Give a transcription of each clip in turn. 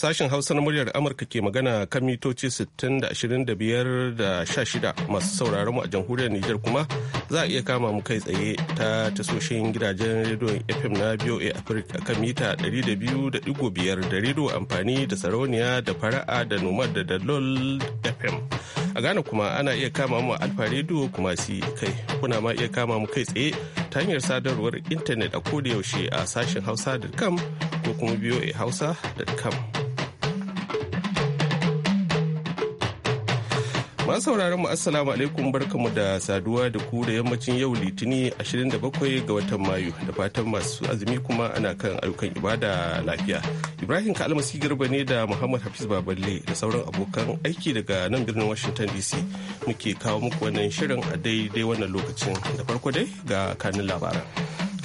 Sashen Hausa na muryar Amurka ke magana kan mitoci 60 da 16 masu sauraron mu a jamhuriyar Nijar kuma za a iya kama mu kai tsaye ta tasoshin gidajen rediyon FM na a Africa kan mita 200.5 da rediyo amfani da sarauniya da fara'a da nomad da dalol FM. A Ghana kuma ana iya kama mu alfa rediyo kuma si kai kuna ma iya kama mu kai tsaye ta hanyar sadarwar intanet a kodayaushe a sashen hausa.com ko kuma hausa.com Masu sauraron mu assalamu alaikum barkamu da saduwa da ku da yammacin yau litini 27 ga watan Mayu da fatan masu azumi kuma ana kan ayyukan ibada lafiya. Ibrahim Kalmasi Garba ne da Muhammad Hafiz Baballe da sauran abokan aiki daga nan birnin Washington DC muke kawo muku wannan shirin a daidai wannan lokacin da farko dai ga kanin labaran.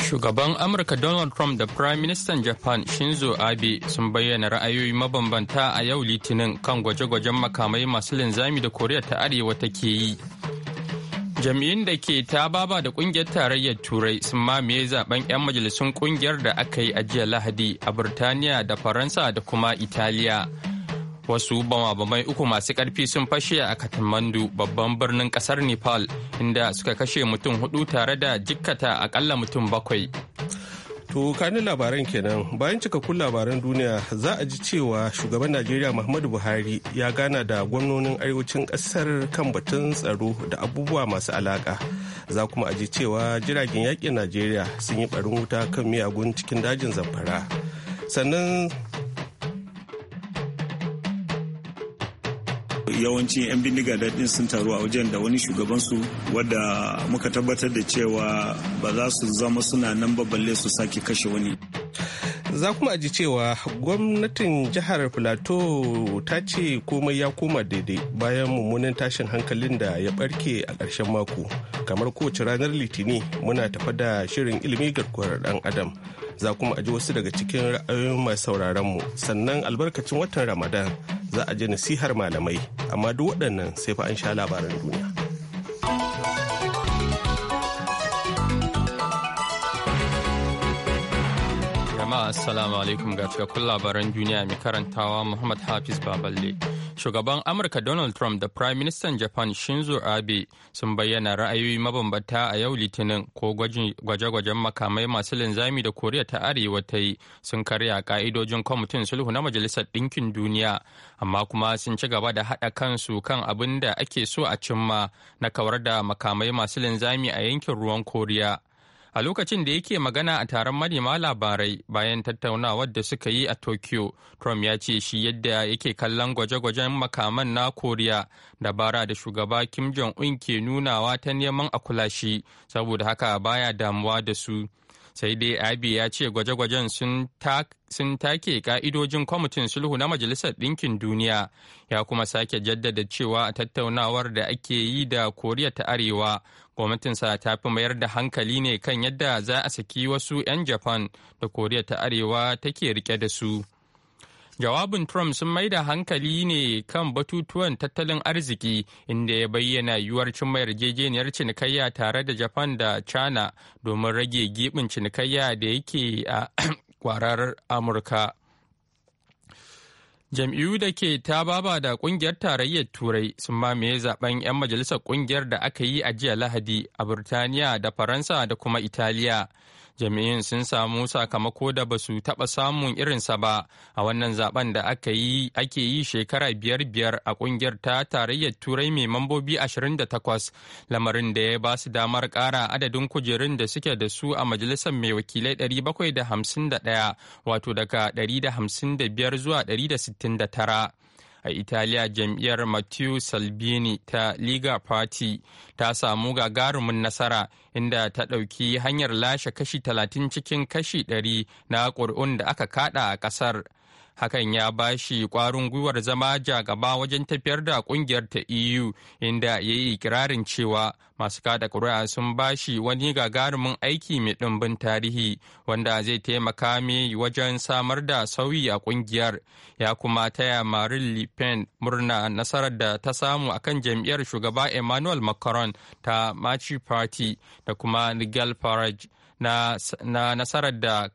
Shugaban Amurka Donald Trump da Prime Minister Japan Shinzo Abe sun bayyana ra'ayoyi mabambanta a yau Litinin kan gwaje-gwajen makamai masu linzami da Koriya ta Arewa take yi. Jami'in da ke ta baba da kungiyar tarayyar Turai sun mamaye zaben 'yan majalisun kungiyar da aka yi a jiya Lahadi a Birtaniya da Faransa da kuma Italiya. wasu bama-bamai uku masu karfi sun fashe a katamandu babban birnin kasar nepal inda suka kashe mutum hudu tare da jikkata akalla mutum bakwai To kanin labaran kenan bayan cikakkun labaran duniya za a ji cewa shugaban Najeriya Muhammadu Buhari ya gana da gwamnonin arewacin ƙasar kan batun tsaro da abubuwa masu alaƙa. Za kuma a ji cewa jiragen yaƙin Najeriya sun yi barin wuta kan miyagun cikin dajin zamfara. Sannan yawancin 'yan bindiga daɗin sun taru a wajen da wani shugabansu wadda muka tabbatar da cewa ba za su zama suna nan ba balle su sake kashe wani za kuma ji cewa gwamnatin jihar plateau ta ce komai ya koma daidai bayan mummunan tashin hankalin da ya barke a ƙarshen mako kamar kowace ranar litini muna tafa da shirin ilimi garkuwar dan adam za kuma a ji wasu daga cikin ra'ayoyin mai sauraron mu sannan albarkacin watan ramadan za a ji nasihar malamai amma duk waɗannan sai fa an sha labaran duniya jama'a assalamu alaikum ga cikakkun labaran duniya mai karantawa muhammad hafiz baballe Shugaban Amurka Donald Trump da Prime Minister Japan Shinzo Abe sun bayyana ra'ayoyi mabambanta a yau Litinin ko gwaje-gwajen makamai masu linzami da Koriya ta Arewa ta yi sun karya ka'idojin kwamitin sulhu na Majalisar Ɗinkin Duniya, amma kuma sun ci gaba da haɗa kansu kan abin da ake so a cimma na kawar da makamai masu linzami a yankin ruwan Koriya. a lokacin da yake magana a taron manema labarai bayan tattaunawar da suka yi a tokyo trump ya ce shi yadda yake kallon gwaje-gwajen makaman na koriya dabara da shugaba kim jong-un ke nunawa ta neman a kula saboda haka baya damuwa da su sai dai abi ya ce gwaje-gwajen sun take ka'idojin kwamitin sulhu na majalisar ɗinkin duniya ya kuma sake jaddada cewa a tattaunawar da ake yi da koriya ta arewa gwamnatinsa ta fi mayar da hankali ne kan yadda za a saki wasu 'yan japan da koriya ta arewa take rike da su jawabin trump sun mai da hankali ne kan batutuwan tattalin arziki inda ya bayyana yiwuwar cimma yarjejeniyar cinikayya tare da japan da china domin rage gibin cinikayya da yake a kwarar amurka jam'iyyu da ke ta baba da kungiyar tarayyar turai sun mamaye zaben 'yan majalisar kungiyar da aka yi a jiya lahadi a burtaniya da faransa da kuma italiya jami'in sun samu sakamako da ba su taɓa samun irinsa ba a wannan zaben da ake yi shekara biyar biyar a ƙungiyar ta tarayyar turai mai mambobi 28 lamarin da ya ba su damar ƙara adadin kujerun da suke da su a majalisar mai wakilai 751 wato daga 155 zuwa 169 a italiya jam'iyyar matteo salvini ta liga party ta samu gagarumin nasara inda ta ɗauki hanyar lashe kashi 30 cikin kashi 100 na ƙuri'un da aka kada a ƙasar. hakan ya ba shi kwarin gwiwar zama jagaba wajen tafiyar da kungiyar ta eu inda ya yi ikirarin cewa masu kada kuri'a sun ba shi wani gagarumin aiki mai ɗimbin tarihi wanda zai taimaka mai wajen samar da sauyi a kungiyar ya kuma taya marin le pen murna nasarar da ta samu akan jam'iyyar shugaba emmanuel macron ta machi party da kuma nigel farage na, nasarar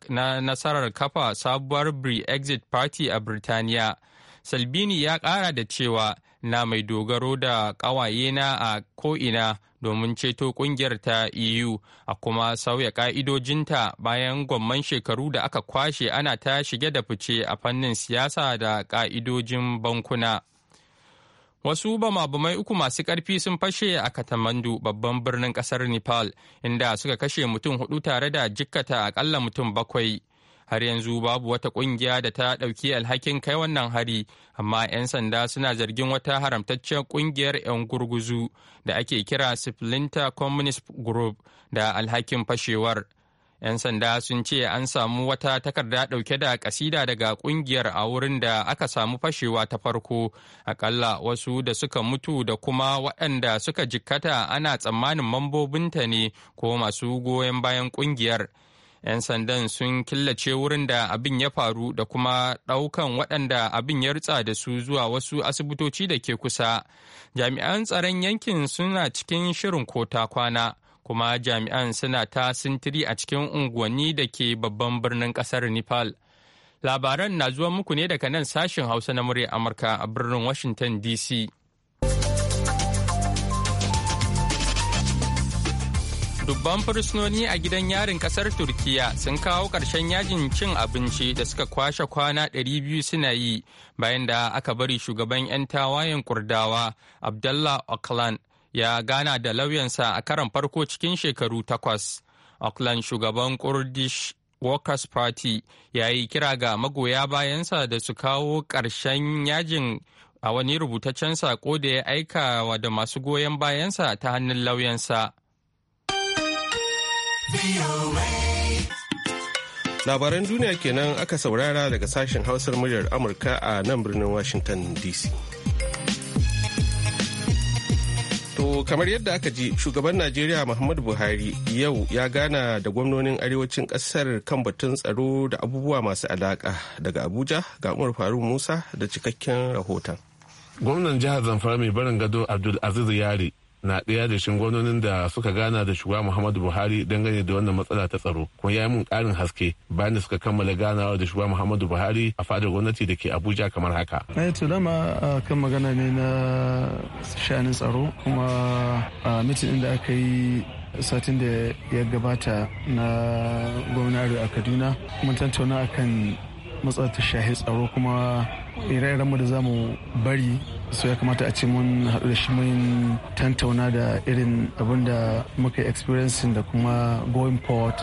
na nasarar kafa sabuwar Brexit Party a Birtaniya. Salbini ya ƙara da cewa na mai dogaro da ƙawayena a ko'ina domin ceto ƙungiyar ta EU a kuma sauya ƙa'idojinta bayan gwamman shekaru da aka kwashe ana ta shige da fice a fannin siyasa da ƙa'idojin bankuna. Wasu bama-bamai uku masu ƙarfi sun fashe a Katamandu babban birnin ƙasar Nepal, inda suka kashe mutum hudu tare da jikkata akalla mutum bakwai. Har yanzu babu wata ƙungiya da ta ɗauki alhakin kai wannan hari, amma 'yan sanda suna zargin wata haramtaccen ƙungiyar 'yan gurguzu da ake kira Splinter Communist Group da alhakin fashewar. 'Yan sanda sun ce an samu wata takarda ɗauke da kasida daga ƙungiyar a wurin da aka samu fashewa ta farko, akalla wasu da suka mutu da kuma waɗanda suka jikkata ana tsammanin mambobinta ne ko masu goyon bayan ƙungiyar. 'yan sandan sun killace wurin da abin ya faru da kuma ɗaukan waɗanda abin ya rutsa da su zuwa wasu asibitoci da ke kusa jami'an tsaron yankin suna cikin shirin kota kwana kuma jami'an suna ta sintiri a cikin unguwanni da ke babban birnin kasar Nepal. Labaran na zuwa muku ne daga nan sashen Hausa na murya Amurka a birnin Washington DC. dubban fursunoni a gidan yarin kasar turkiya sun kawo ƙarshen yajin cin abinci da suka kwashe kwana 200 suna yi bayan da aka bari shugaban 'yan tawayen kurdawa abdullah Öcalan ya gana da lauyansa a karan farko cikin shekaru takwas. Auckland shugaban Kurdish Workers Party ya yi kira ga magoya bayansa da su kawo ƙarshen yajin a wani rubutaccen sako da ya aika wa da masu goyon bayansa ta hannun lauyansa. Labaran duniya kenan aka saurara daga sashen hausar muryar Amurka a nan birnin Washington DC. To kamar yadda aka ji shugaban Najeriya Muhammadu Buhari yau ya gana da gwamnonin arewacin ƙasar kan batun tsaro da abubuwa masu alaƙa daga Abuja ga Umar Faruk Musa da cikakken rahoton. Gwamnan jihar Zamfara mai barin gado Abdul Aziz Yari na ɗaya da shin da suka gana da shugaba muhammadu buhari dangane da wannan matsala ta tsaro kuma ya yi mun ƙarin haske bayan da suka kammala ganawa da shugaba muhammadu buhari a fadar gwamnati da ke abuja kamar haka. ai eh, to dama kan magana ne na shanun tsaro kuma a mitin da aka yi satin da ya gabata na gwamnati a kaduna mun tattauna akan matsalar ta shahi tsaro kuma ire-iren mu da za mu bari so ya kamata a ce mun haɗu da shi mun tantauna da irin abin da muka experiencing da kuma going forward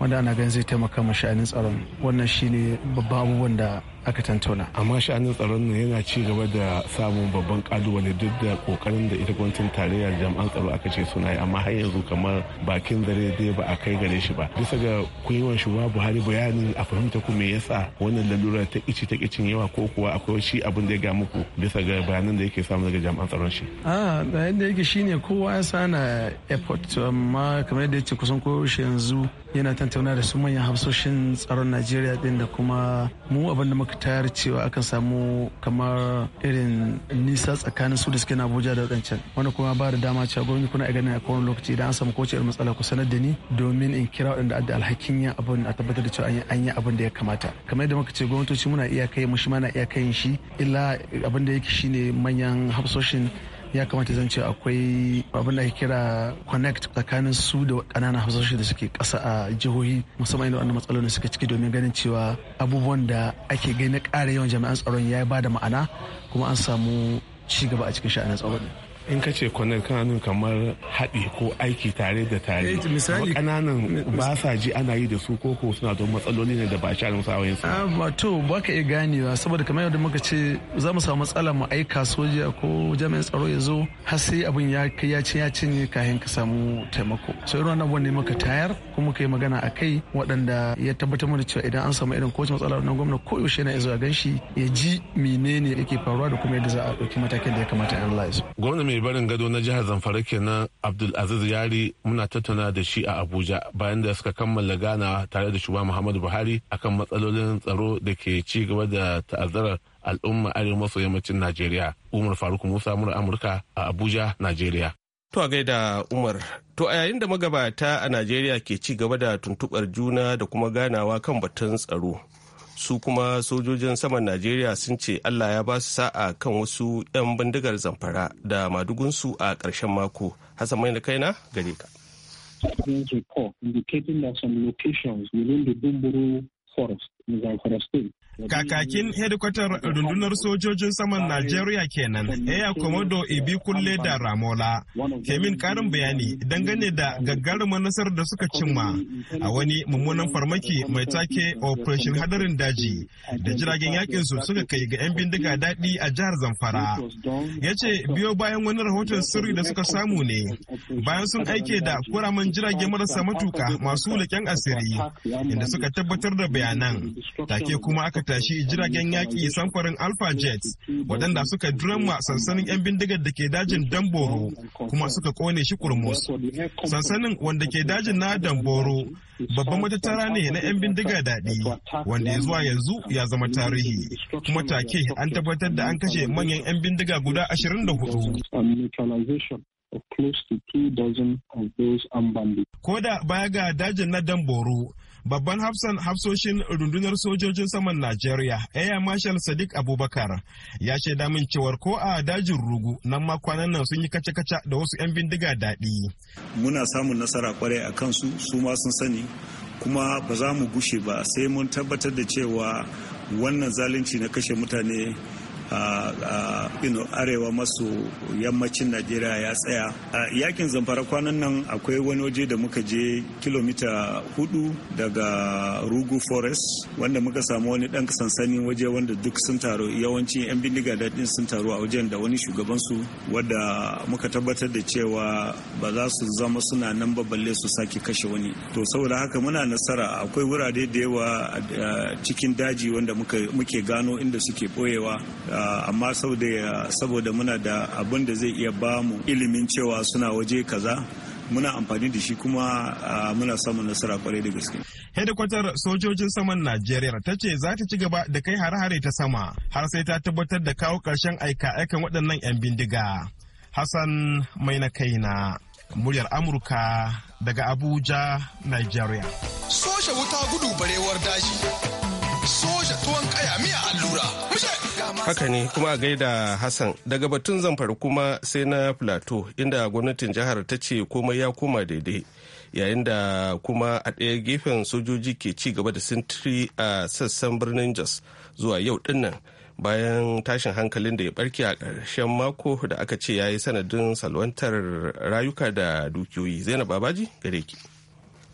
wanda ana ganin zai taimaka ma sha'anin tsaron wannan shine babban abubuwan da aka tantauna amma sha'anin tsaron nan yana ci gaba da samun babban kalubale duk da kokarin da ita gwamnatin tarayya jami'an tsaro aka ce suna yi amma har yanzu kamar bakin dare dai ba a kai gare shi ba bisa ga kuyiwan shugaba buhari bayani a fahimta ku me yasa wannan lalura ta ici ta kicin yawa ko kuwa akwai shi abin da ya ga muku bisa ga bayanan da yake samu daga jami'an tsaron shi a da yadda yake shine kowa ya sana airport amma kamar yadda yake kusan koyaushe yanzu yana tantauna da su manyan hafsoshin tsaron najeriya din da kuma mu abin da muka tayar cewa akan samu kamar irin nisa tsakanin su da suke na abuja da wadancan wani kuma ba da dama cewa gwamnati kuna ganin a kowane lokaci idan an samu kowace irin matsala ku sanar da ni domin in kira waɗanda adda alhakin yin abin a tabbatar da cewa an yi abin da ya kamata kamar yadda muka ce gwamnatoci muna iya kai mu shi ma na iya shi illa abin da yake shine manyan hafsoshin ya kamata zan ce akwai abin da ake kira connect tsakanin su da ƙananan hausashi da suke kasa a jihohi musamman irin wannan matsalolin suke ciki domin ganin cewa abubuwan da ake gani ƙara yawan jami'an tsaron ya ba da ma'ana kuma an samu ci gaba a cikin sha'anin tsaron. in ka ce kwanar kana nuna kamar haɗi ko aiki tare da tare eh, misali kananan ba sa ji ana yi da su ko ko suna don matsaloli ne da ba shi musu awayin su ba ah, to ba ka iya ganewa saboda kamar yadda muka ce za mu samu matsala mu aika soja ko jami'an tsaro ya zo har sai abin ya kai ya ci ya cinye kafin ka samu taimako so irin wannan ne muka tayar kuma muka yi magana a kai waɗanda ya tabbatar mana cewa idan an samu irin kowace matsala wannan gwamna ko yaushe zo a ganshi ya ji menene yake faruwa da kuma yadda za a ɗauki matakin da ya kamata a analyze gwamna mai barin gado na jihar zamfara kenan Abdul aziz yari muna tattauna da shi a abuja bayan da suka kammala gana tare da shugaba muhammadu buhari akan matsalolin tsaro da ke ci gaba da ta'azzarar al'umma arewa maso yammacin najeriya umar faruk musa mura amurka a abuja najeriya To a gaida Umar, to a yayin da magabata a Najeriya ke ci gaba da tuntubar juna da kuma ganawa kan batun tsaro. su kuma sojojin saman najeriya sun ce allah ya ba su sa'a kan wasu 'yan bindigar zamfara da madugunsu a ƙarshen mako hassan mai da kaina gare ka some locations within forest in Zamfara state Kakakin hedikwatar rundunar sojojin saman Najeriya kenan, Eya Komodo Ibi Kulle da Ramola, ke min karin bayani dangane da gaggarumar manasar da suka cimma a wani mummunan farmaki mai take Operation Hadarin Daji da jiragen yakin su suka kai ga 'yan bindiga daɗi a jihar Zamfara. Ya ce biyo bayan wani rahoton sirri da suka samu ne, bayan sun aike da kuraman jirage marasa matuka masu leƙen asiri, inda suka tabbatar da bayanan, take kuma aka tashi jiragen yaƙi samfarin Alpha Jets waɗanda suka drama sansanin 'yan bindigar da ke dajin Damboro kuma suka kone shi kurmus. Sansanin wanda ke dajin na Damboro babban matattara ne na 'yan bindiga daɗi wanda ya zuwa yanzu ya zama tarihi kuma take an tabbatar da an kashe manyan 'yan bindiga guda 24. Ko da baya ga dajin na Damboro babban hafsan hafsoshin rundunar sojojin saman najeriya air marshal sadiq abubakar ya shaida min cewar ko a dajin rugu nan ma kwanan nan sun yi kaca-kaca da wasu 'yan bindiga daɗi muna samun nasara kwarai a kansu su ma sun sani kuma ba za mu gushe ba sai mun tabbatar da cewa wannan zalunci na kashe mutane arewa maso yammacin najeriya ya tsaya yakin zamfara kwanan nan akwai wani waje da muka je kilomita hudu daga rugu forest wanda muka samu wani dan sansanin waje wanda duk sun taru yawanci 'yan bindiga daɗin sun taru a wajen da wani shugabansu wadda muka tabbatar da cewa ba za su zama suna nan ba balle su sake kashe wani to saboda haka muna nasara akwai wurare da yawa cikin daji wanda muke gano inda suke boyewa amma saboda muna da abin da zai iya ba mu ilimin cewa suna waje kaza muna amfani da shi kuma muna samun nasara kwarai da gaske. Hedikwatar sojojin saman Najeriya ta ce za ta ci gaba da kai hare-hare ta sama har sai ta tabbatar da kawo karshen aika-aikan waɗannan 'yan bindiga. Hassan mai na kaina muryar Amurka daga Abuja, Nigeria. Soja wuta gudu barewar daji, soja tuwon kaya miya allura. Haka ne kuma a gaida Hassan daga batun zamfara kuma sai na Plateau inda gwamnatin jihar ta ce komai ya koma daidai yayin da kuma a ɗaya gefen sojoji ke ci gaba da sintiri a sassan birnin Jos zuwa yau dinnan bayan tashin hankalin da ya barke a ƙarshen mako da aka ce ya yi sanadin salwantar rayuka da dukiyoyi. Zainab Babaji gare ki.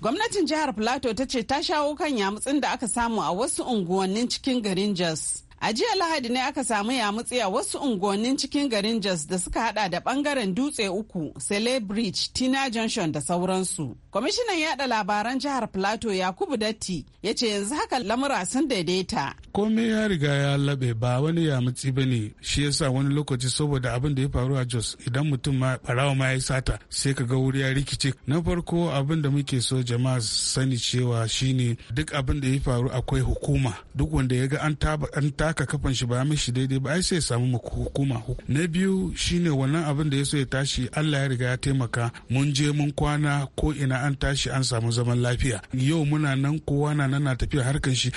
Gwamnatin jihar Plateau ta ce ta shawo kan yamutsin da aka samu a wasu unguwannin cikin garin Jos. A jiya Lahadi ne aka samu yamutse a wasu unguwannin cikin garin Jos da suka hada da bangaren dutse uku, Sele Bridge, Tina Junction da sauransu. Kwamishinan yada labaran jihar Plateau Yakubu Datti ya ce yanzu haka lamura sun daidaita. Komai ya riga ya labe ba wani yamutsi ba ne shi yasa wani lokaci saboda abin da ya faru a Jos idan mutum ma barawa ma ya sata sai ka ga wuri ya rikice. Na farko abin da muke so jama'a sani cewa shine duk abin da ya faru akwai hukuma duk wanda ya ga an taba aka kafan shi ba ya mishi daidai ba ai sai ya samu hukuma na biyu shine wannan abin da ya so ya tashi Allah ya riga ya taimaka mun je mun kwana ko ina an tashi an samu zaman lafiya yau muna nan kowa na nan na tafiya harkan shi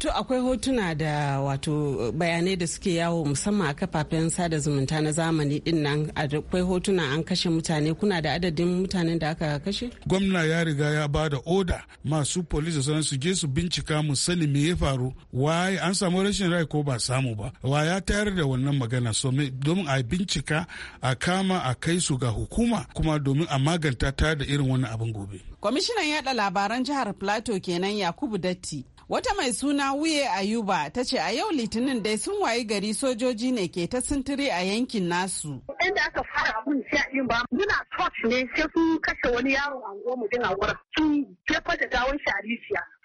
to akwai hotuna da wato bayanai da suke yawo musamman a kafafen sada zumunta na zamani din nan akwai hotuna an kashe mutane kuna da adadin mutanen da aka kashe gwamna ya riga ya ba da oda masu police da su je su bincika mu sani me ya faru waye an samu rashin rai ko ba samu ba wa ya tayar da wannan magana domin a bincika a kama a kai su ga hukuma kuma domin a maganta ta da irin wannan abin gobe kwamishinan yada labaran jihar plateau kenan yakubu datti Wata mai suna Wuye Ayuba ta ce a yau Litinin dai sun wayi gari sojoji ne ke ta sintiri a yankin nasu. Inda aka fara abun sai a ba muna torch ne sai sun kashe wani yaro a mu din a sun jefa da gawon shi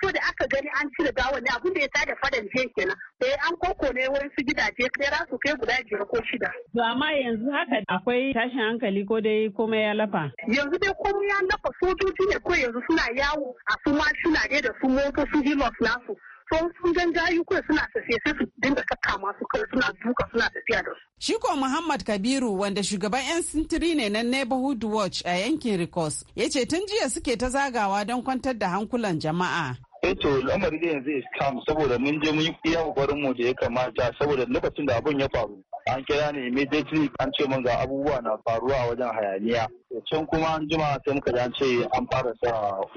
so da aka gani an cire gawan ne abin da ya tada fadan jiya kenan eh, sai an koko ne wurin su gidaje kera su kai guda biyar ko shida. To amma yanzu haka akwai tashin hankali ko dai komai ya lafa. Yanzu dai komai ya lafa sojoji ne ko yanzu suna yawo a su suna dai da su motocin hilos nasu. sun sun gan jayukan suna tafiye sai su dinga kaka masu kai suna duka suna tafiya da su. Shiko Muhammad Kabiru wanda shugaban 'yan sintiri ne na Neighborhood Watch a yankin Rikos ya ce tun jiya suke ta zagawa don kwantar da hankulan jama'a. eh to lamari da yanzu iskam saboda mun je mun yi iya kokarin mu da ya kamata saboda lokacin da abun ya faru an kira ni immediately an ce mun ga abubuwa na faruwa wajen hayaniya can kuma an jima sai muka an ce an fara sa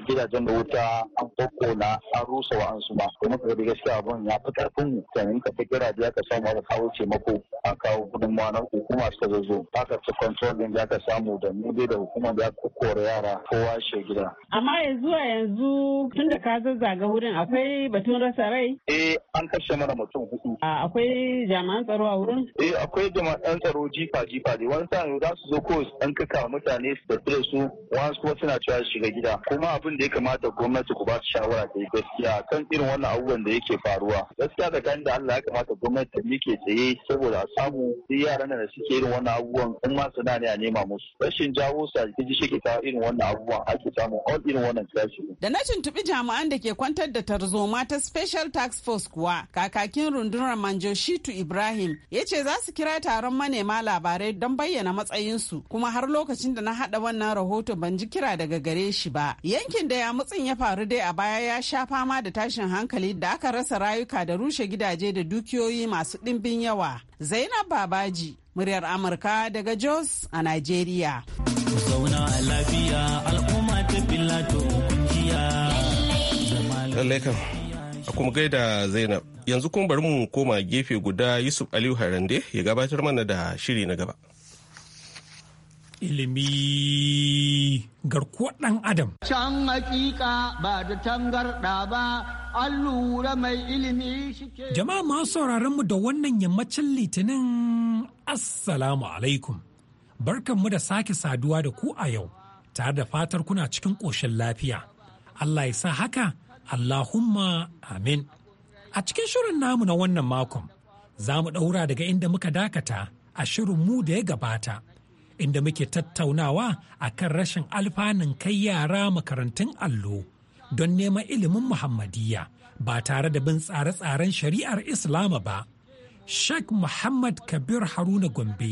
gidajen da wuta an koko na an rusa wa su ba kuma ka ga gaskiya abun ya fi karfin mu sai muka fi kira da aka samu aka kawo taimako an kawo gudun ma na hukuma suka zazzo aka ci control din da ka samu da mu dai da hukuma da koko da yara kowa shi gida amma yanzu a yanzu tun da ka zazzaga wurin akwai batun rasa rai eh an kashe mana mutum hudu akwai jami'an tsaro a wurin eh akwai jami'an tsaro jifa jifa ne wani sa'in za su zo ko an kaka mutane su su wasu kuma suna cewa shiga gida kuma abin da ya kamata gwamnati ku ba su shawara da gaskiya kan irin wannan abubuwan da yake faruwa gaskiya kan da Allah ya kamata gwamnati ta mike tsaye saboda a samu duk yaran da suke irin wannan abubuwan in ma suna ne a nema musu rashin jawo su a jiki shi ke kawo irin wannan abubuwan ake samu a irin wannan tashi da na tuntubi jami'an da ke kwantar da tarzoma ta special tax force kuwa kakakin rundunar manjo shitu ibrahim ya ce za su kira taron manema labarai don bayyana matsayinsu kuma har lokacin da na na hada wannan rahoto ban ji kira daga gare shi ba. Yankin da ya mutsin ya faru dai a baya ya sha fama da tashin hankali da aka rasa rayuka da rushe gidaje da dukiyoyi masu ɗimbin yawa. Zainab Babaji, muryar Amurka daga Jos a Najeriya. kuma gaida zainab yanzu kuma bari mu koma gefe guda yusuf aliyu harande ya gabatar mana da shiri na gaba ilimi garkuwar ɗan adam. Can hakika ba da tangarɗa ba, an lura mai ilimi shike. Jama'a masu sauraron mu da wannan yammacin litinin Assalamu alaikum. Barkanmu da sake saduwa da ku a yau, tare da fatar kuna cikin ƙoshin lafiya. Allah ya sa haka, Allahumma amin. A cikin shirin namu na wannan makon, za mu ɗaura daga inda muka dakata a shirin mu da ya gabata. inda muke tattaunawa a kan rashin alfanun kai yara makarantun allo don neman ilimin Muhammadiyya ba tare da bin tsare-tsaren shari'ar Islama ba. Sheikh Muhammad Kabir Haruna Gombe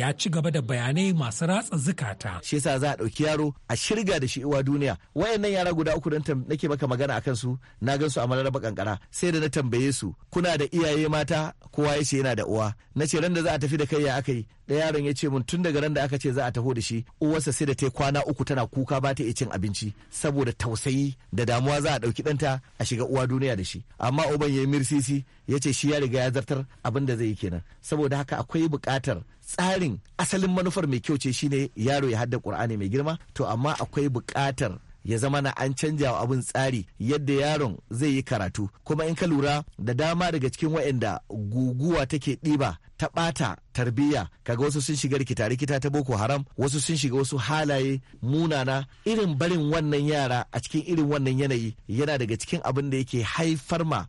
ya ci gaba da bayanai masu ratsa zukata. Shi yasa za a ɗauki yaro a shirga da shi uwa duniya. Wayannan yara guda uku dan nake maka magana akan su, na gan su a mararraba kankara. Sai da na tambaye su, kuna da iyaye mata? Kowa ya ce yana da uwa. Na ce ran da za a tafi da kai ya aka yi. da yaron ya ce mun tun daga ran da aka ce za a taho da shi uwarsa sai da ta kwana uku tana kuka ba ta iya cin abinci saboda tausayi da damuwa za a ɗauki ɗanta a shiga uwa duniya da shi amma uban ya yi mirsisi ya ce shi ya riga ya zartar abin da zai yi kenan saboda haka akwai buƙatar tsarin asalin manufar mai kyau ce shine yaro ya hadda ƙur'ani mai girma to amma akwai buƙatar ya zama na an canja wa abin tsari yadda yaron zai yi karatu kuma in ka lura da dama daga cikin waɗanda guguwa take ɗiba ta ɓata tarbiyya kaga wasu sun shiga rikita rikita ta boko haram wasu sun shiga wasu halaye munana irin barin wannan yara a cikin irin wannan yanayi yana daga cikin abin da yake haifar ma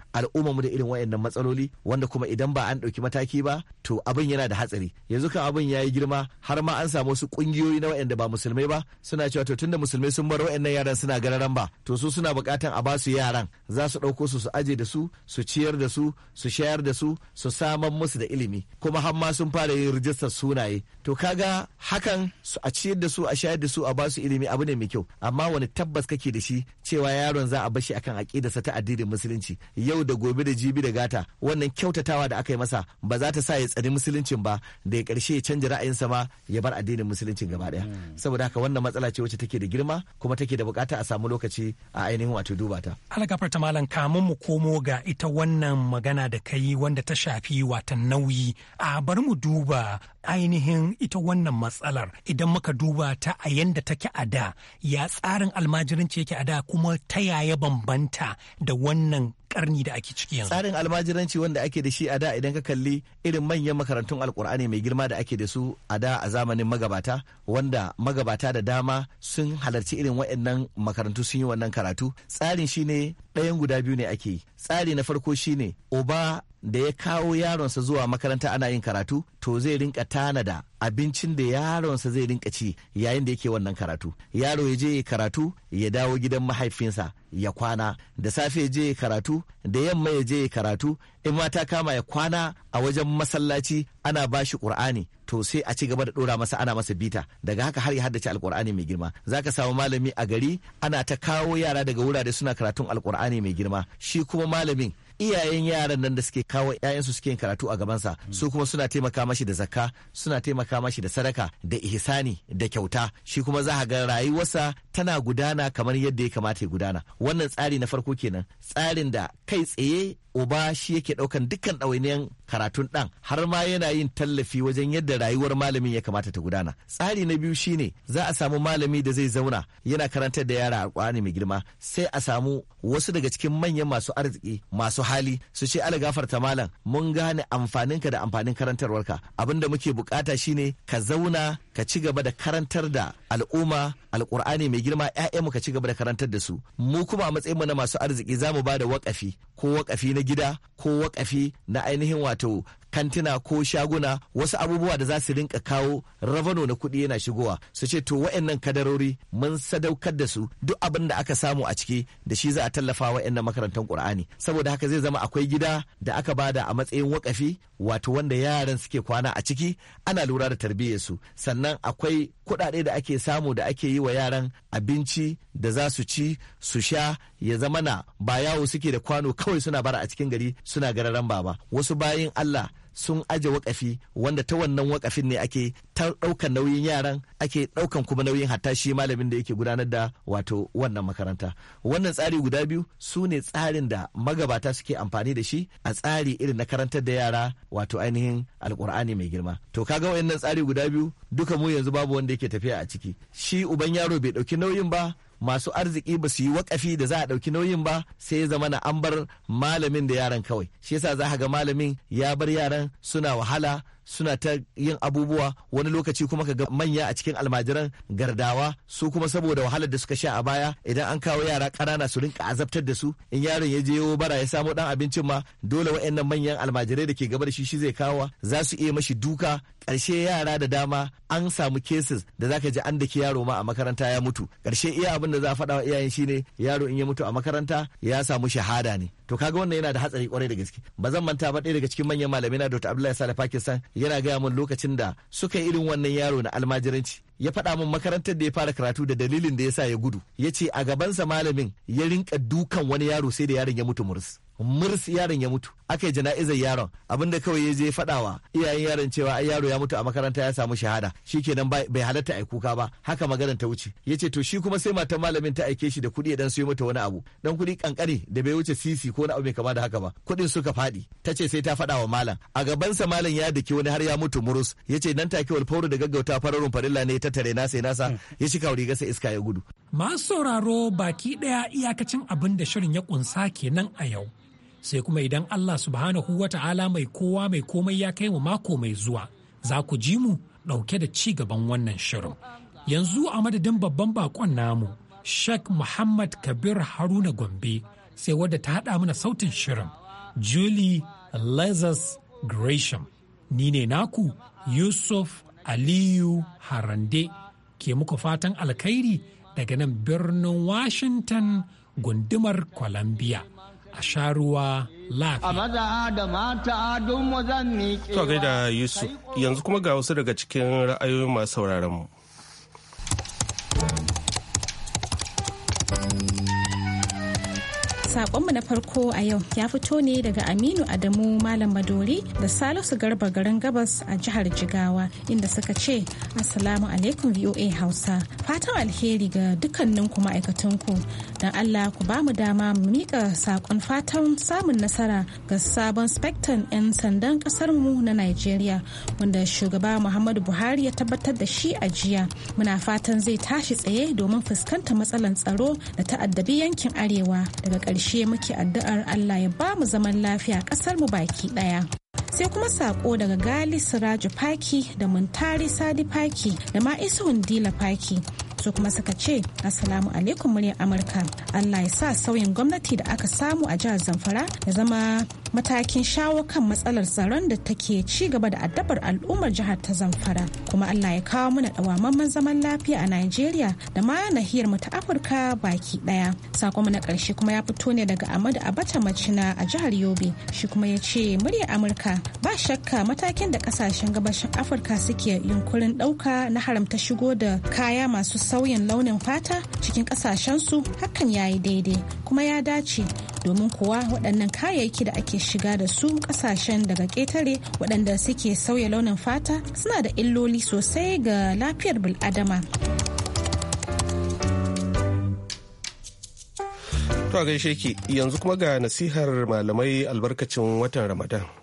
mu da irin wayannan matsaloli wanda kuma idan ba an ɗauki mataki ba to abin yana da hatsari yanzu kan abin ya yi girma har ma an samu wasu ƙungiyoyi na wayanda ba musulmai ba suna cewa to tunda musulmai sun bar wayannan yaran suna gararan ba to su suna buƙatan a basu yaran za su ɗauko su su aje da su su ciyar da su su shayar da su su samar musu da ilimi kuma har ma sun fara yin rijistar sunaye to kaga hakan su a ciyar da su a shayar da su a basu ilimi abu ne mai kyau amma wani tabbas kake da shi cewa yaron za a bashi akan sa ta addinin musulunci yau da gobe da jibi da gata wannan kyautatawa da aka yi masa ba za ta sa ya tsani musuluncin ba da ya karshe ya canja ra'ayinsa ma ya bar addinin musuluncin gaba daya hmm. saboda haka wannan matsala ce wacce take da girma kuma take da bukata a samu lokaci a ainihin wato duba ta alagafar ta malam kamun mu komo ga ita wannan magana da kai wanda ta shafi watan nauyi a bari mu duba ainihin ita wannan matsalar idan muka duba ta a yanda take a da ya tsarin almajiranci yake a da kuma ta yaya bambanta da wannan karni da ake ciki yanzu. Tsarin almajiranci wanda ake da shi a da idan ka kalli irin manyan makarantun alkur'ani mai girma da ake da su a da a zamanin magabata wanda magabata da dama sun halarci irin waɗannan makarantu sun yi wannan karatu. Tsarin shine ɗayan guda biyu ne ake yi. Tsari na farko shine oba da ya kawo yaronsa zuwa makaranta ana yin karatu to zai rinka tanada abincin da yaronsa zai rinka ci yayin da yake wannan karatu yaro ya je karatu ya dawo gidan mahaifinsa ya kwana da safe ya je karatu da yamma ya je karatu in ma ta kama ya kwana a wajen masallaci ana bashi qur'ani to sai a ci gaba da dora masa ana masa bita daga haka har ya haddace alqur'ani mai girma zaka samu malami a gari ana ta kawo yara daga wurare suna karatun alqur'ani mai girma shi kuma malamin iyayen yaran nan da suke kawo 'ya'yansu suke yin karatu a gabansa su kuma suna taimaka mashi da zakka suna taimaka mashi da sadaka da ihsani da kyauta shi kuma za a ga rayuwarsa tana gudana kamar yadda ya kamata ya gudana wannan tsari na farko kenan tsarin da kai tsaye uba shi yake daukan dukkan ɗawainiyan karatun dan har ma yana yin tallafi wajen yadda rayuwar malamin ya kamata ta gudana tsari na biyu shine za a samu malami da zai zauna yana karantar da yara a alƙur'ani mai girma sai a samu wasu daga cikin manyan masu arziki masu hali su ce ala ta malam mun gane amfaninka da amfanin karantarwarka abin da muke bukata shine ka zauna ka ci gaba da karantar da al'umma alkur'ani mai girma mu ka ci gaba da karantar da su mu kuma a matsayinmu na masu arziki za mu ba da waƙafi ko wakafi na gida ko wakafi na ainihin wato kantina ko shaguna wasu abubuwa da za su rinka kawo rabano na kuɗi yana shigowa su ce to wa'annan kadarori mun sadaukar da su duk abin da aka samu a ciki da shi za a tallafa wa'annan makarantar ƙur'ani saboda haka zai zama akwai gida da aka bada a matsayin wakafi wato wanda yaran suke kwana a ciki ana lura da tarbiyyar su sannan akwai kuɗaɗe da ake samu da ake yi wa yaran abinci da za su ci su sha ya zama na ba yawo suke da kwano kawai suna bara a cikin gari suna gararan baba wasu bayin Allah sun aje wakafi wanda ta wannan wakafin ne ake ta ɗaukan nauyin yaran ake ɗaukan kuma nauyin hatta shi malamin da yake gudanar da wato wannan makaranta wannan tsari guda biyu su ne tsarin da magabata suke amfani da shi a tsari irin na karantar da yara wato ainihin alkur'ani mai girma to kaga wayannan tsari guda biyu duka mu yanzu babu wanda yake tafiya a ciki shi uban yaro bai ɗauki nauyin ba masu arziki ba su yi wakafi da za a ɗauki nauyin ba sai ya zama na an bar malamin da yaran kawai shi yasa za ga malamin ya bar yaran suna wahala suna ta yin abubuwa wani lokaci kuma ka ga manya a cikin almajiran gardawa su kuma saboda wahalar da suka sha a baya idan an kawo yara ƙanana su rinka azabtar da su in yaron ya je yawo bara ya samo dan abincin ma dole wa'annan manyan almajirai da ke gaba da shi shi zai kawo za su iya mashi duka ƙarshe yara da dama an samu cases da zaka ji an dake yaro ma a makaranta ya mutu ƙarshe iya abin da za a faɗa wa iyayen shine yaro in ya mutu a makaranta ya samu shahada ne to kaga wannan yana da hatsari kwarai da gaske ba zan manta ba ɗaya daga cikin manyan malamai na Dr. Abdullahi Sale Pakistan yana gaya min lokacin da suka yi irin wannan yaro na almajiranci ya faɗa min makarantar da ya fara karatu da dalilin da ya sa ya gudu ya ce a gabansa malamin ya rinka dukan wani yaro sai da yaron ya mutu murus murs yaron ya mutu aka yi jana'izar yaron abinda kawai ya je faɗawa iyayen yaron cewa ai yaro ya mutu a makaranta ya samu shahada shi shikenan bai halatta ai kuka ba haka maganar ta wuce ce to shi kuma sai matan malamin ta aike shi da kuɗi ya dan sayo mata wani abu dan kuɗi kankare da bai wuce sisi ko wani abu mai kama da haka ba kuɗin suka faɗi ta ce sai ta faɗa wa malam a gabansa malam ya daki wani har ya mutu murus yace nan take walfauru da gaggauta fararun farilla ne ta tare nasa nasa ya cika gasa iska ya gudu masu sauraro baki ɗaya iyakacin abin da shirin ya kunsa kenan a yau sai kuma idan Allah subhanahu wa ta'ala mai kowa mai komai ya kai mu mako mai zuwa za ku ji mu ɗauke da ci gaban wannan shirin. Yanzu a madadin babban bakon namu, Sheikh Muhammad Kabir Haruna Gombe sai wadda ta haɗa mana sautin shirin, Julie Lazarus Gresham. Ni ne naku Yusuf Aliyu Harande ke muku fatan alkhairi daga nan birnin Washington gundumar Columbia. a sharuwa, ruwa lafiya. maza da mata don To gaida Yusuf yanzu kuma ga wasu daga cikin ra'ayoyin masu sauraron mu. Sakonmu na farko a yau ya fito ne daga Aminu Adamu Malam Madori da Salisu Garba garin Gabas a jihar Jigawa inda suka ce Assalamu alaikum VOA Hausa. Fatan alheri ga dukkaninku ma'aikatanku don Allah ku ba mu dama mu mika sakon fatan samun nasara ga sabon spectrum 'yan sandan mu na Nigeria wanda shugaba Muhammadu Buhari ya tabbatar da shi a jiya. Muna fatan zai tashi tsaye domin fuskantar matsalar tsaro da ta'addabi yankin Arewa daga karshe muke addu'ar Allah ya ba mu zaman lafiya ƙasar mu baki ɗaya. sai kuma saƙo daga gali siraju Paki da muntari sadi faki da ma isuhun dila Paki su kuma suka ce assalamu alaikum muryar amurka allah ya sa sauyin gwamnati da aka samu a jihar zamfara ya zama matakin shawo kan matsalar tsaron da take ci gaba da addabar al'ummar jihar ta zamfara kuma allah ya kawo mana dawamamman zaman lafiya a nigeria da ma nahiyar mu ta afirka baki daya sakon na karshe kuma ya fito ne daga amadu abacha macina a jihar yobe shi kuma ya ce muryar amurka ba shakka matakin da kasashen gabashin afirka suke yunkurin dauka na haramta shigo da kaya masu sauyin launin fata cikin su hakan ya yi daidai kuma ya dace domin kuwa waɗannan kayayyaki da ake shiga da su ƙasashen daga ƙetare waɗanda suke sauya launin fata suna da illoli sosai ga lafiyar bil'adama. To gaishe yanzu kuma ga nasihar malamai albarkacin watan Ramadan.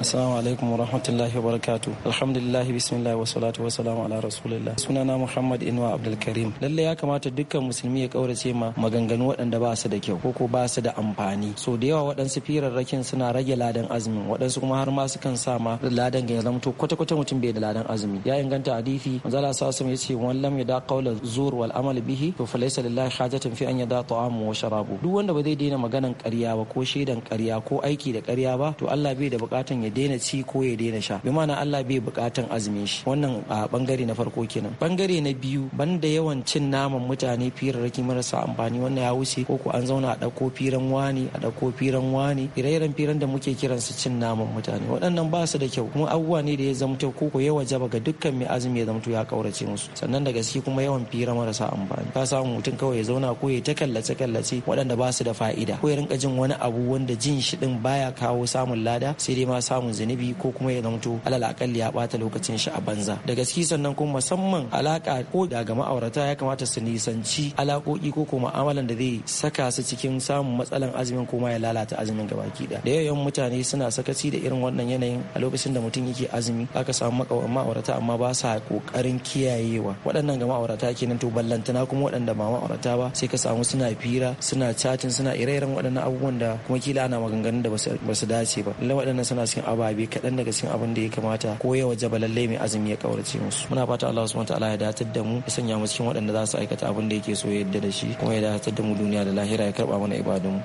Assalamu alaikum wa rahmatullahi wa barakatu. Alhamdulillah bismillah wa salatu wa salamu ala rasulillah. Sunana Muhammad Inuwa Abdulkarim. Lalle ya kamata dukkan musulmi ya kaurace ma maganganu waɗanda ba su da kyau ko ko ba su da amfani. So da yawa waɗansu firarrakin suna rage ladan azumin waɗansu kuma har ma su kan sa ma ladan ga ya kwata kwata mutum bai da ladan azumi. Ya inganta hadisi manzala sasum ya ce wan lam yada qawla zur wal amal bihi to laysa lillahi hajatun fi an yada ta'amu wa sharabu. Duk wanda ba zai daina maganan ƙarya ba ko shaidan ƙarya ko aiki da ƙarya ba to Allah bai da buƙatan ya ya daina ci ko ya daina sha bi ma'ana Allah bai bukatan azumin shi wannan a bangare na farko kenan bangare na biyu banda yawan cin naman mutane firarraki marasa amfani wannan ya wuce ko ko an zauna a dauko firan wani a dauko firan wani ire-iren firan da muke kiran su cin naman mutane waɗannan ba su da kyau kuma abubuwa ne da ya zamto ko ko yawa jaba ga dukkan mai azumi ya zamto ya kaurace musu sannan daga gaske kuma yawan fira marasa amfani ka samu mutum kawai ya zauna ko ya ta kallace kallace waɗanda ba su da fa'ida ko ya rinka jin wani abu wanda jin shi din baya kawo samun lada sai dai ma samun zunubi ko kuma ya zamto alal akalli ya bata lokacin shi a banza da gaske sannan kuma musamman alaka ko da ga ma'aurata ya kamata su nisanci alakoki ko kuma amalan da zai saka su cikin samun matsalan azumin ko ma ya lalata azumin gabaki da da yawan mutane suna sakaci da irin wannan yanayin a lokacin da mutum yake azumi aka samu ma'aurata amma ba sa kokarin kiyayewa waɗannan ga ma'aurata kenan to ballantana kuma waɗanda ba ma'aurata ba sai ka samu suna fira suna catin suna ire-iren waɗannan abubuwan da kuma kila ana maganganun da ba su dace ba lallai waɗannan suna cikin ababe kaɗan daga cikin abin da ya kamata ko ya jabalalle mai azumi ya kaurace musu muna fata Allah subhanahu wataala ya datar da mu ya sanya mu cikin waɗanda za su aikata abin da yake so ya da shi kuma ya datar da mu duniya da lahira ya karba mana ibadun mu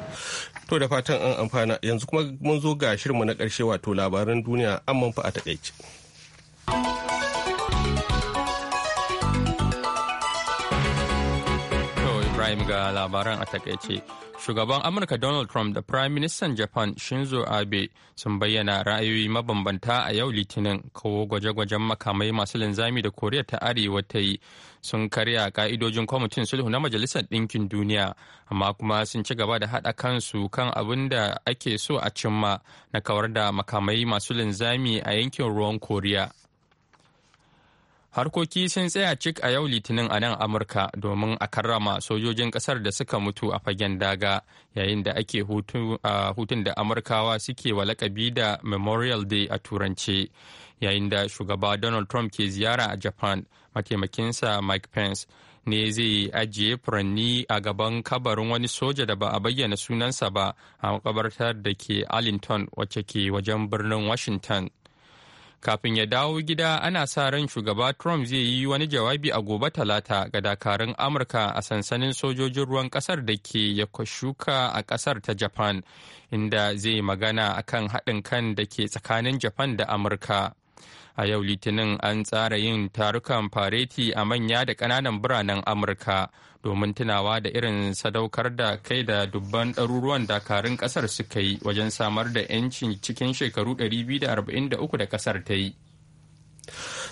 to da fatan an amfana yanzu kuma mun zo ga shirmu na karshe wato labaran duniya an fa a you Ibrahim ga labaran a takaice. Shugaban Amurka Donald Trump da Prime Minister Japan Shinzo Abe sun bayyana ra'ayoyi mabambanta a yau Litinin kawo gwaje-gwajen makamai masu linzami da Koriya ta Arewa ta yi sun karya ka'idojin kwamitin sulhu na Majalisar Ɗinkin Duniya, amma kuma sun ci gaba da haɗa kansu kan abin da ake so a cimma na kawar da makamai masu linzami a yankin ruwan Koriya. harkoki sun tsaya cik a yau litinin a nan amurka domin a karrama sojojin kasar da suka mutu a fagen daga yayin da ake hutun da amurkawa suke wa lakabi da memorial day a turance yayin da shugaba donald trump ke ziyara a japan mataimakinsa mike pence ne zai ajiye furanni a gaban kabarin wani soja da ba a bayyana sunansa ba a makabartar da ke arlington wacce ke wajen birnin washington Kafin ya dawo gida ana sa ran shugaba Trump zai yi wani jawabi a gobe talata ga dakarun Amurka a sansanin sojojin ruwan kasar da ke ya shuka a kasar ta Japan, inda zai magana akan haɗin kan da ke tsakanin Japan da Amurka. a yau litinin an tsara yin tarukan fareti a manya da kananan biranen amurka domin tunawa da irin sadaukar da kai da dubban ɗaruruwan dakarun ƙasar suka yi wajen samar da 'yancin cikin shekaru 243 da ƙasar ta yi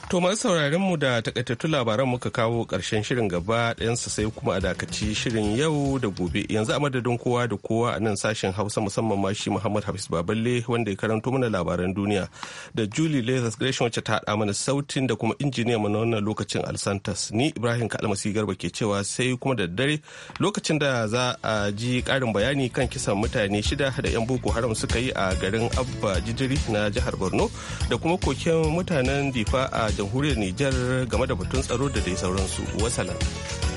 To masu sauraron mu da takaitattun labaran muka kawo karshen shirin gaba ɗayansa sai kuma a dakaci shirin yau da gobe. Yanzu a madadin kowa da kowa a nan sashen Hausa musamman ma shi Muhammad Hafiz Baballe wanda ya karanto mana labaran duniya da Julie Lazarus Gresham wacce ta haɗa mana sautin da kuma injiniya mu na wannan lokacin Alsantas. Ni Ibrahim Kalmasi Garba ke cewa sai kuma da dare lokacin da za a ji karin bayani kan kisan mutane shida da 'yan Boko Haram suka yi a garin Abba Jijiri na jihar Borno da kuma koken mutanen Difa a jamhuriyar Nijar game da batun tsaro da dai sauransu. Wasalan.